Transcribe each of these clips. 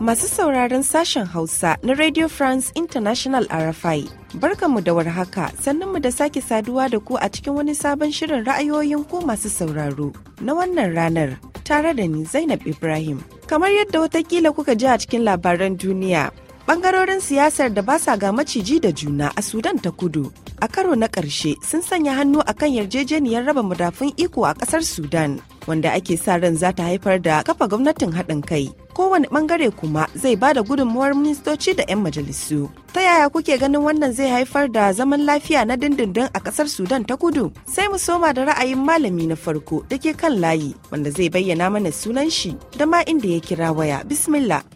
Masu sauraron sashen Hausa na Radio France International RFI, barkanmu da warhaka mu da sake saduwa da ku a cikin wani sabon shirin ra'ayoyin ko masu sauraro na wannan ranar tare da ni Zainab Ibrahim. Kamar yadda watakila kuka ji a cikin labaran duniya, Bangarorin siyasar da ba sa ga maciji da juna a Sudan ta kudu a karo na ƙarshe sun sanya hannu a kan yarjejeniyar raba madafun iko a ƙasar Sudan wanda ake sa ran za ta haifar da kafa gwamnatin haɗin kai. Kowane ɓangare kuma zai ba da gudunmuwar ministoci da 'yan majalisu. Ta yaya kuke ganin wannan zai haifar da zaman lafiya na dindindin a ƙasar Sudan ta kudu? Sai mu soma da ra'ayin malami na farko da ke kan layi wanda zai bayyana mana sunan shi da ma inda ya kira waya. Bismillah.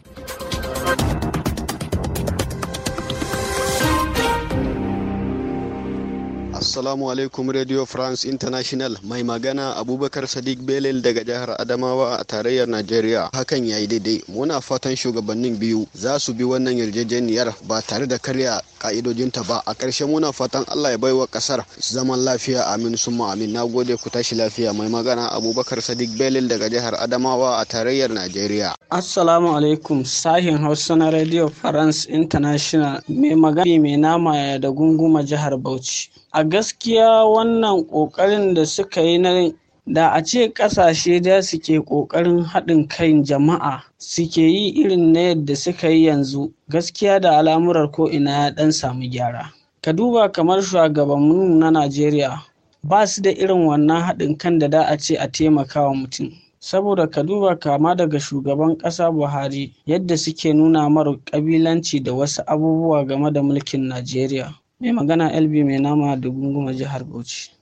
Assalamu alaikum Radio France International mai magana Abubakar Sadiq Belel daga jihar Adamawa a tarayyar Najeriya. Hakan yayi daidai. Muna fatan shugabannin biyu za su bi wannan yarjejeniyar ba tare da karya ka'idojinta ba. A ƙarshe muna fatan Allah ya bai wa ƙasar zaman lafiya amin summa amin. na gode ku tashi lafiya mai magana Abubakar Sadiq Belel daga jihar Adamawa a tarayyar Najeriya. Assalamu alaikum sahin Hausa na Radio France International mai magana mai nama da gunguma jihar Bauchi. A gas gaskiya wannan ƙoƙarin da suka yi na da a ce ƙasashe da suke ƙoƙarin haɗin kan jama'a suke yi irin na yadda suka yi yanzu gaskiya da al'amurar ko'ina ya ɗan samu gyara ka duba kamar shugabannin na najeriya ba su da irin wannan haɗin kan da da a ce a taimaka wa mutum saboda ka duba kama daga shugaban ƙasa buhari yadda suke nuna mara ƙabilanci da wasu abubuwa game da mulkin najeriya Mai magana LB mai nama da gunguma jihar Bauchi.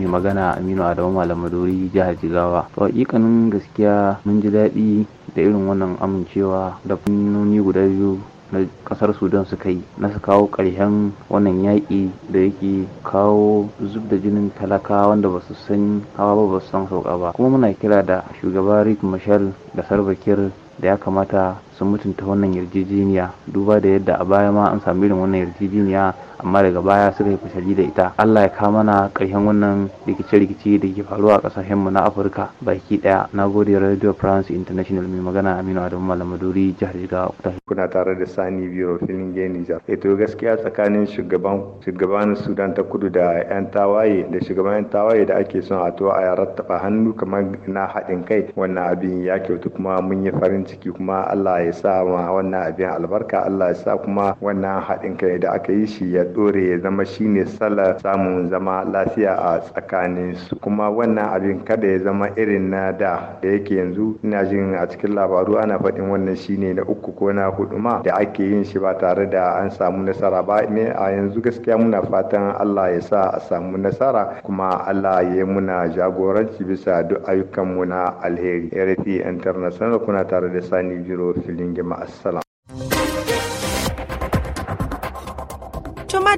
mai magana aminu adamu malam jihar jigawa to hakikanin gaskiya mun ji daɗi da irin wannan amincewa da fannoni guda biyu na kasar sudan suka yi na su kawo ƙarshen wannan yaƙi da yake kawo zub da jinin talaka wanda ba su san hawa ba ba su san sauka ba kuma muna kira da shugaba rick mashal da sarbakir da ya kamata su mutunta wannan yarjejeniya duba da yadda a baya ma an sami irin wannan yarjejeniya amma daga baya suka yi fashari da ita Allah ya kawo mana ƙarshen wannan rikice-rikice da ke faruwa a ƙasashen mu na Afirka baki ɗaya' na gode Radio France International mai magana Aminu Adamu Malamaduri jihar Jigawa kuna tare da Sani Biro filin Niger eto eh to gaskiya tsakanin shugaban shugaban Sudan ta Kudu da yan tawaye da shugaban yan tawaye da ake son a to a rattafa hannu kamar na haɗin kai wannan abin ya kyautu kuma mun yi farin ciki kuma Allah ya sa ma wannan abin albarka Allah ya sa kuma wannan haɗin kai da aka yi shi ya ɗore ya zama shine salar samun zama lafiya a tsakanin su kuma wannan abin kada ya zama irin na da da yake yanzu ina jin a cikin labaru ana faɗin wannan shine na uku ko na hudu ma da ake yin shi ba tare da an samu nasara ba ne a yanzu gaskiya muna fatan Allah ya sa a samu nasara kuma Allah ya muna jagoranci bisa duk ayyukan mu na alheri RFI International kuna tare da Sani Biro Filin Gima Assalam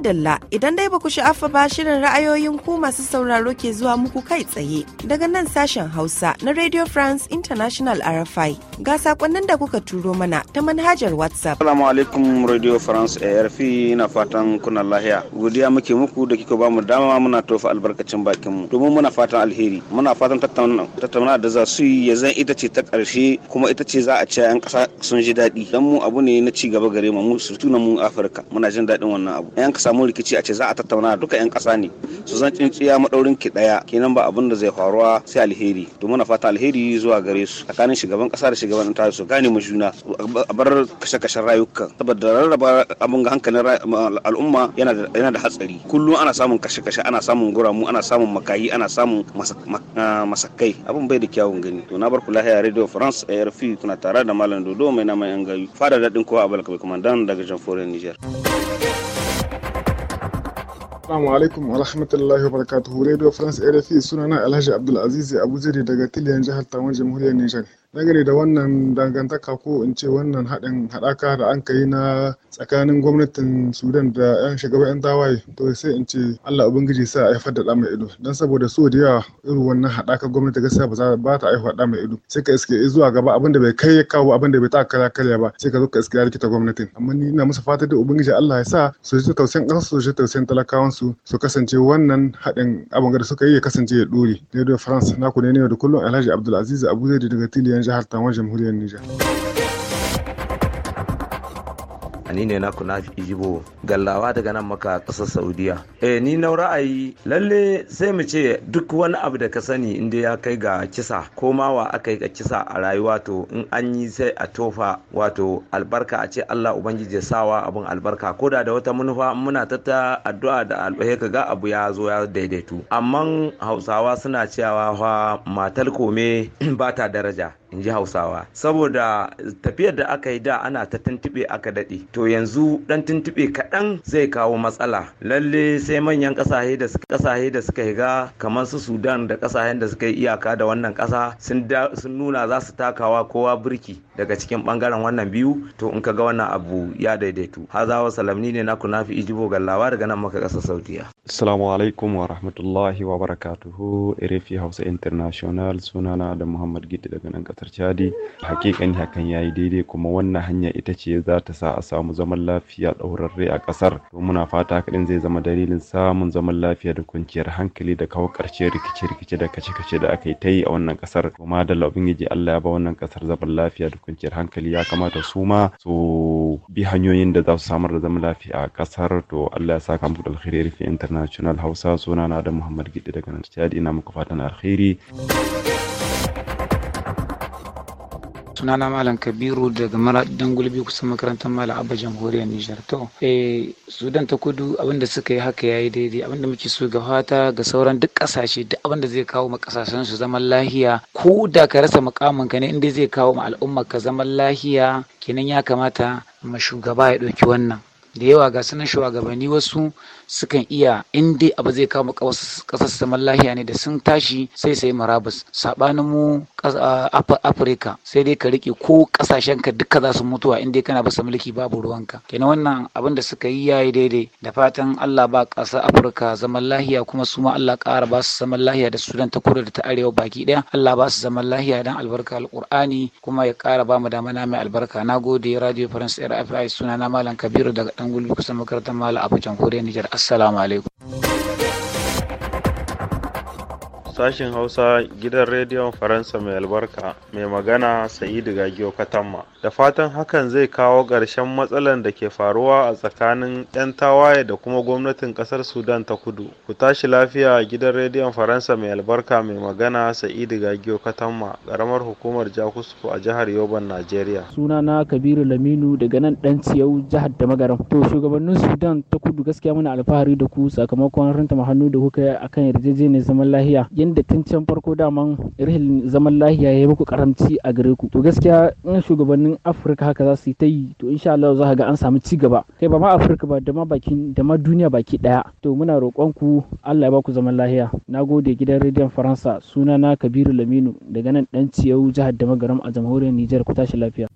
dalla idan dai ba ku sha'afa ba shirin ra'ayoyin ku masu sauraro ke zuwa muku kai tsaye daga nan sashen Hausa na Radio France International RFI. Ga sakonnin da kuka turo mana ta manhajar WhatsApp. salamu alaikum Radio France arf na fatan kuna lahiya. Godiya muke muku da kika bamu mu dama muna tofa albarkacin bakin mu. Domin muna fatan alheri, muna fatan tattauna da za su yi ya zan ita ce ta ƙarshe kuma ita ce za a ce 'yan ƙasa sun ji daɗi. Dan mu abu ne na ci gaba gare mu su tuna mu Afirka. Muna jin daɗin wannan abu. 'Yan ƙasa samu rikici a ce za a tattauna duka 'yan kasa ne su zan tsintsiya maɗaurin ki ɗaya kenan ba abin da zai faruwa sai alheri to muna fata alheri zuwa gare su tsakanin shugaban kasa da shugaban ta su gane mu juna a bar kashe-kashen rayuka saboda rarraba abin ga hankalin al'umma yana da hatsari kullum ana samun kashe-kashe ana samun guramu ana samun makayi ana samun masakai abin bai da kyawun gani to na bar ku lahiya radio france arf kuna tare da malam dodo mai naman yan gayu fada daɗin kowa a balkabai kuma dan daga jamforin niger السلام عليكم ورحمة الله وبركاته راديو فرنس إيرفي سننا الهجة عبد العزيز أبو زيد دقاتيليا جهة طوان جمهورية النيجر nagari da wannan dangantaka ko in ce wannan haɗin haɗaka da an kai na tsakanin gwamnatin sudan da 'yan shugaban 'yan tawaye to sai in ce allah ubangiji sa a haifar da mai ido don saboda so da yawa irin wannan haɗakar gwamnati gaskiya ba za ba ta haifar da mai ido sai ka iske zuwa gaba abin da bai kai ya kawo abin da bai ta kala kala ba sai ka zo ka iske ya rikita gwamnatin amma ni ina musu fata da ubangiji allah ya sa su ji tausayin ƙasa su ji tausayin talakawan su su kasance wannan haɗin abin da suka yi ya kasance ya ɗore. da France na ku ne da kullum Alhaji Abdulaziz Abu Zaidi daga Tiliyan نجاح القومية جمهورية النيجر ni ne na kuna ijibo gallawa daga nan maka ƙasar saudiya E, ni na ra'ayi lalle sai mu ce duk wani abu da ka sani inda ya kai ga kisa ko ma wa aka yi ga kisa a rayuwa to in an yi sai a tofa wato albarka a ce Allah ubangiji sawa abin albarka ko da da wata manufa muna ta addu'a da albahe ka ga abu ya zo ya daidaitu amma hausawa suna cewa fa matar kome ba ta daraja in ji hausawa saboda tafiyar da aka yi da ana ta tuntuɓe aka daɗe to yanzu dan tuntuɓe kaɗan zai kawo matsala lalle sai manyan ƙasashe da ƙasashe da suka higa kamar su sudan da ƙasashen da suka yi iyaka da wannan ƙasa sun nuna za su takawa kowa birki daga cikin ɓangaren wannan biyu to in ka ga wannan abu ya daidaitu hazawa salamni ne naku nafi ijibo gallawa daga nan maka ƙasa saudiya Assalamu alaikum wa rahmatullahi wa barakatuhu RFI Hausa International sunana da Muhammad Gitti daga nan kasar Chadi hakikan hakan yayi daidai kuma wannan hanya ita ce za ta sa a samu zaman lafiya ɗaurarre a kasar to muna fata kaɗin zai zama dalilin samun zaman lafiya da kwanciyar hankali da kawo ƙarshe rikice-rikice da kace-kace da aka yi ta yi a wannan kasar kuma da ubangiji Allah ya ba wannan kasar zaman lafiya da kwanciyar hankali ya kamata su ma su bi hanyoyin da za su samar da zaman lafiya a kasar to Allah ya saka muku da alkhairi RFI International international hausa suna na da muhammad gidi daga nan chadi ina muku fatan alkhairi sunana malam kabiru daga maradin gulbi kusan makarantar malam abba jamhuriyar nijar to eh sudan ta kudu abinda suka yi haka yayi daidai abinda muke so ga fata ga sauran duk kasashe duk abinda zai kawo ma kasashen su zaman lahiya ko da ka rasa mukamin ka ne inda zai kawo ma al'umma ka zaman lahiya kenan ya kamata ma shugaba ya ɗauki wannan da yawa ga sunan shugabanni wasu sukan iya in dai abu zai kama kasar saman lahiya ne da sun tashi sai sai marabus sabanin mu afirka sai dai ka rike ko kasashen ka duka za su mutuwa in dai kana basa mulki babu ruwanka kenan wannan abin da suka yi yayi daidai da fatan Allah ba kasar afirka zaman lahiya kuma su ma Allah ƙara ba su zaman lahiya da sudan ta kudu da ta arewa baki ɗaya? Allah ba su zaman lahiya dan albarka alqur'ani kuma ya ƙara ba mu da mana mai albarka nagode radio france rfi suna na malam kabiru daga dan gulbi kusan makarantar malam abujan kore nijar Assalamu alaikum. Sashen Hausa gidan rediyon Faransa mai albarka mai magana Sa'idu Gagiyo Katamma. Da fatan hakan zai kawo ƙarshen matsalar da ke faruwa a tsakanin 'yan tawaye da kuma gwamnatin ƙasar Sudan ta kudu. Ku tashi lafiya gidan rediyon Faransa mai albarka mai magana Sa'idu Gagiyo Katamma, ƙaramar hukumar Jakusko a jihar Yoban, Najeriya. Suna na Kabiru Laminu daga nan ɗan Ciyau jihar Magaran. To shugabannin Sudan ta kudu gaskiya muna alfahari da ku sakamakon rantama hannu da kuka yi akan yarjejeniyar zaman lahiya. inda tun can farko daman irin zaman lahiya ya yi muku karamci a gare ku to gaskiya in shugabannin afirka haka za su yi ta yi to insha Allah za ga an samu ci gaba kai ba ma afirka ba dama ma bakin duniya baki daya to muna roƙon ku Allah ya ba ku zaman lahiya nagode gidan rediyon faransa sunana kabiru laminu daga nan dan ciyau jihar da a jamhuriyar nijar ku tashi lafiya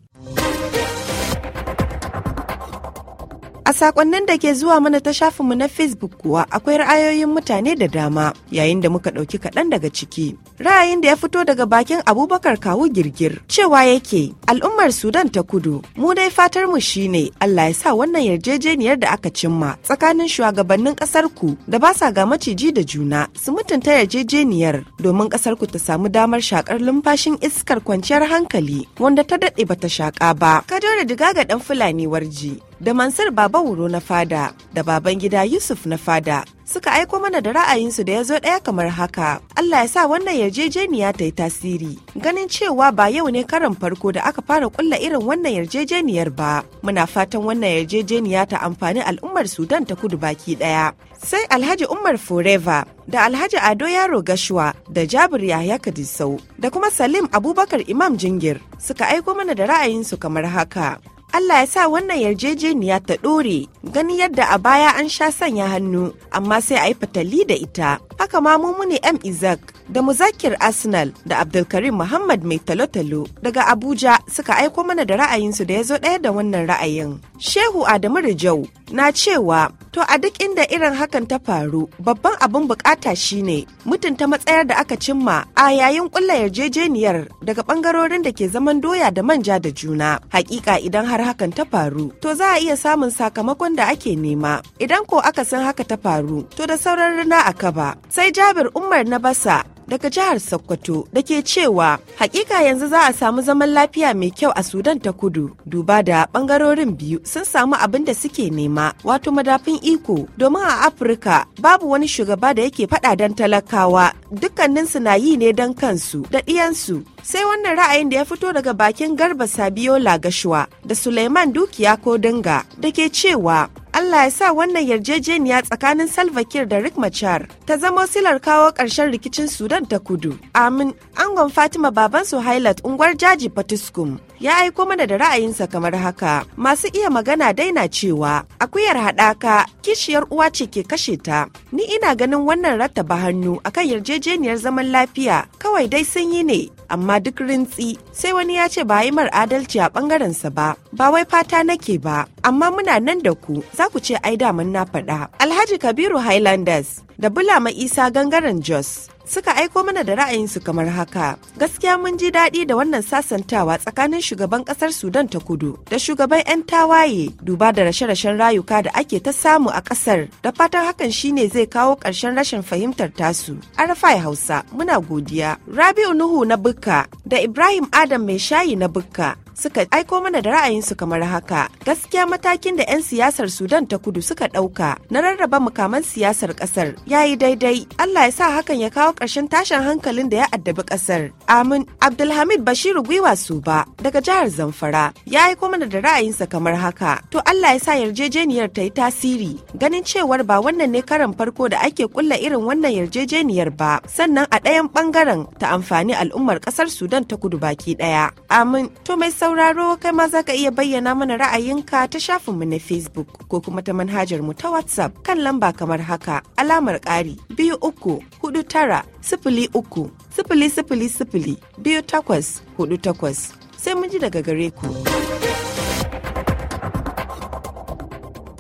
A sakonnin da ke zuwa mana ta mu na Facebook kuwa akwai ra'ayoyin mutane da dama yayin da muka ɗauki kaɗan daga ciki. Ra'ayin da ya fito daga bakin Abubakar Kawu Girgir cewa yake al'ummar Sudan ta kudu mu dai fatar mu shine Allah ya sa wannan yarjejeniyar da aka cimma tsakanin shugabannin ƙasar ku da ba sa ga maciji da juna su mutunta yarjejeniyar domin ƙasar ku ta samu damar shakar lumfashin iskar kwanciyar hankali wanda ta daɗe bata shaƙa ba. Ka Kadore diga ga ɗan Fulani warji da Mansur Baba Wuro na fada da baban gida Yusuf na fada suka aiko mana da ra'ayinsu da ya zo ɗaya kamar haka. Allah ya sa wannan yarjejeniya ta yi tasiri. Ganin cewa ba yau ne karin farko da aka fara kulla irin wannan yarjejeniyar ba. Muna fatan wannan yarjejeniya ta amfani al'ummar Sudan ta kudu baki ɗaya. Sai Alhaji Umar Forever da Alhaji Ado Yaro Gashuwa da Jabir Yahya Kadisau da kuma Salim Abubakar Imam Jingir suka aiko mana da ra'ayinsu kamar haka. Allah ya sa wannan yarjejeniya ta ɗore gani yadda a baya an sha sanya hannu amma sai a yi fatali da ita. haka ma mumuni m isaac da muzakir arsenal da abdulkarim muhammad mai talotalo daga abuja suka aiko mana da ra'ayinsu da ya zo ɗaya da wannan ra'ayin shehu adamu rijau na cewa to a duk inda irin hakan ta faru babban abin bukata shine mutunta matsayar da aka cimma a yayin kulla yarjejeniyar daga bangarorin da ke zaman doya da manja da juna hakika idan har hakan ta faru to za a iya samun sakamakon da ake nema idan ko aka san haka ta faru to da sauran rana a kaba sai jabir umar na basa daga jihar sokoto da ke cewa hakika yanzu za a samu zaman lafiya mai kyau a sudan ta kudu duba da bangarorin biyu sun samu abin da suke nema wato madafin iko domin a afirka babu wani shugaba da yake fada don talakawa dukkaninsu na yi ne don kansu da diyansu. sai wannan ra'ayin da ya fito daga bakin garba sabiola gashuwa da suleiman dukiya ko dinga da ke cewa Allah ya sa wannan yarjejeniya tsakanin Salva Kiir da Rick Machar ta zama silar kawo ƙarshen rikicin Sudan ta kudu. Amin, angon Fatima baban Suhailat unguwar Jaji Patiskum ya aiko mana da ra'ayinsa kamar haka masu iya magana daina cewa akuyar haɗaka kishiyar uwa ce ke kashe ta ni ina ganin wannan rattaba hannu akan yarjejeniyar zaman lafiya kawai dai sun yi ne amma duk rintsi sai wani ya ce ba yi mar adalci a ɓangarensa ba ba wai fata nake ba amma muna nan da ku za ku ce ai daman na faɗa alhaji kabiru highlanders da bulama isa gangaren jos suka aiko mana da ra'ayinsu kamar haka. Gaskiya mun ji daɗi da wannan sasantawa tsakanin shugaban ƙasar Sudan ta kudu da shugaban 'yan tawaye duba da rashe-rashen rayuka da ake ta samu a ƙasar da fatan hakan shine zai kawo ƙarshen rashin fahimtar tasu. Arafai Hausa muna godiya. Rabi'u Nuhu na Bukka da Ibrahim Adam mai shayi na Bukka suka aiko mana da ra'ayinsu kamar haka gaskiya matakin da 'yan siyasar sudan ta kudu suka ɗauka na rarraba mukaman siyasar ƙasar ya yi daidai allah ya sa hakan ya kawo ƙarshen tashin hankalin da ya addabi ƙasar amin abdulhamid bashiru gwiwa su ba. daga jihar zamfara ya aiko mana da ra'ayinsa kamar haka to allah ya sa yarjejeniyar ta yi tasiri ganin cewar ba wannan ne karan farko da ake kulla irin wannan yarjejeniyar ba sannan a ɗayan ɓangaren ta amfani al'ummar ƙasar sudan ta kudu baki ɗaya amin to mai sauraro kai ma za ka iya bayyana mana ra'ayinka ta shafinmu na Facebook ko kuma ta manhajar mu ta WhatsApp kan lamba kamar haka alamar ƙari biyu uku hudu tara sifili uku sifili sifili sifili biyu takwas hudu takwas sai mun ji daga gare ku.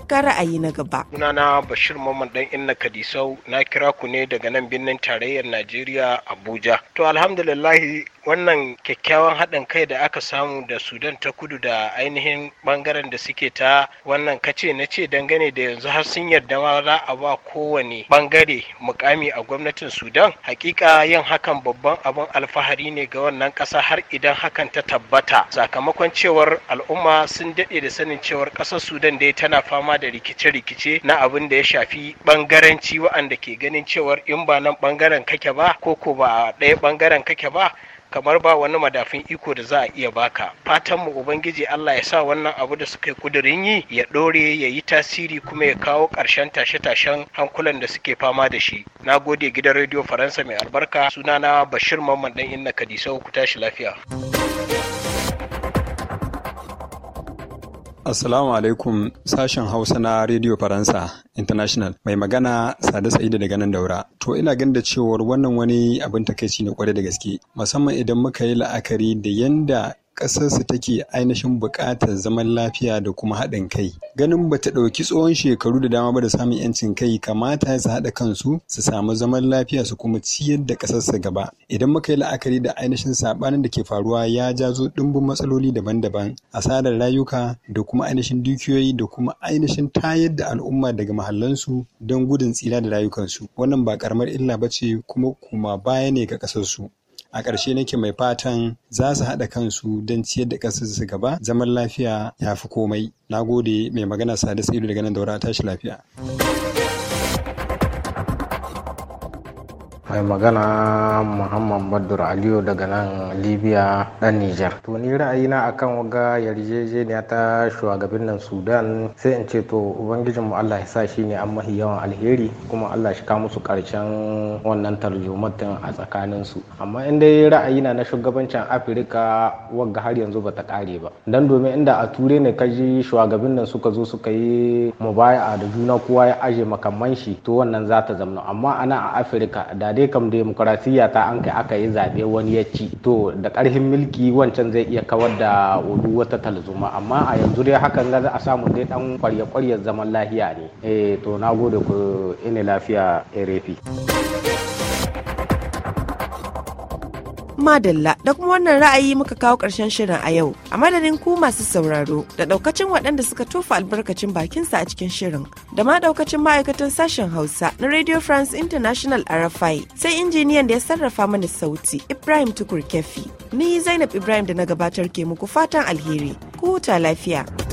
ga ra'ayi na gaba. Sunana Bashir Mamman dan Inna Kadisau na kira ku ne daga nan birnin tarayyar Najeriya Abuja. To alhamdulillahi wannan kyakkyawan haɗin kai da aka samu da Sudan ta kudu da ainihin bangaren da suke ta wannan kace na ce dangane da yanzu har sun yarda ma za a ba kowane bangare mukami a gwamnatin Sudan. Hakika yin hakan babban abin alfahari ne ga wannan ƙasa har idan hakan ta tabbata sakamakon cewar al'umma sun daɗe da sanin cewar ƙasar Sudan dai tana fama da rikice-rikice na abin da ya shafi bangaranci wa'anda ke ganin cewar in ba nan bangaren kake ba ko ko ba ɗaya bangaren kake ba kamar ba wani madafin iko da za a iya baka fatan mu ubangiji Allah ya sa wannan abu da suka yi yi ya ɗore ya yi tasiri kuma ya kawo ƙarshen tashe-tashen hankulan da suke fama da shi na gode gidan rediyo faransa mai albarka sunana bashir mamman dan inna kadisau ku tashi lafiya Assalamu alaikum sashen Hausa na Radio Faransa International mai magana sada Sa'idu daga nan daura. To ina ganin da cewar wannan wani abin takaici ne kwarai da gaske musamman idan muka yi la'akari da yanda ƙasarsu take ainihin buƙatar zaman lafiya da kuma haɗin kai. Ganin ba ta ɗauki tsohon shekaru da dama ba da samun 'yancin kai kamata su haɗa kansu su samu zaman lafiya su kuma ciyar da ƙasarsu gaba. Idan muka yi la'akari da ainihin saɓanin da ke faruwa ya jazo ɗumbin matsaloli daban-daban, asarar rayuka da kuma ainihin dukiyoyi da kuma ainihin tayar da al'umma daga mahallansu don gudun tsira da rayukansu. Wannan ba ƙaramar illa ba ce kuma kuma baya ne ga ƙasarsu. a ƙarshe nake mai fatan za su haɗa kansu don ciyar da su gaba zaman lafiya ya fi komai na gode mai magana sadis ido daga nan daura tashi lafiya. mai magana muhammad badur aliyu daga nan libya dan nijar to ni ra'ayina akan waga yarjejeniya ta nan sudan sai in ce to ubangijin mu allah ya sa shi ne an mahi yawan alheri kuma allah shi ka musu karshen wannan tarjumatin a tsakanin su amma in dai ra'ayi na na shugabancin afirka waga har yanzu bata kare ba dan domin inda a ture ne ka ji shugabin nan suka zo suka yi mubaya'a da juna kowa ya aje makamman shi to wannan za ta zamna amma ana a afirka da dai dai kam ta an kai aka yi zaɓe wani ya ci to da ƙarfin mulki wancan zai iya kawar da wudu wata talzuma amma a yanzu dai hakan ga za a samu dai dan kwarya-kwaryar zaman lahiya ne eh to na gode ku ina lafiya rfi madalla da kuma wannan ra'ayi muka kawo ƙarshen shirin a yau a madadin ku masu sauraro da ɗaukacin waɗanda suka tofa albarkacin bakinsa a cikin shirin da ma ɗaukacin ma'aikatan sashen hausa na radio france international rfi sai injiniyan da ya sarrafa mana sauti ibrahim tukur kefi ni zainab ibrahim da na gabatar ke muku fatan alheri ku huta lafiya.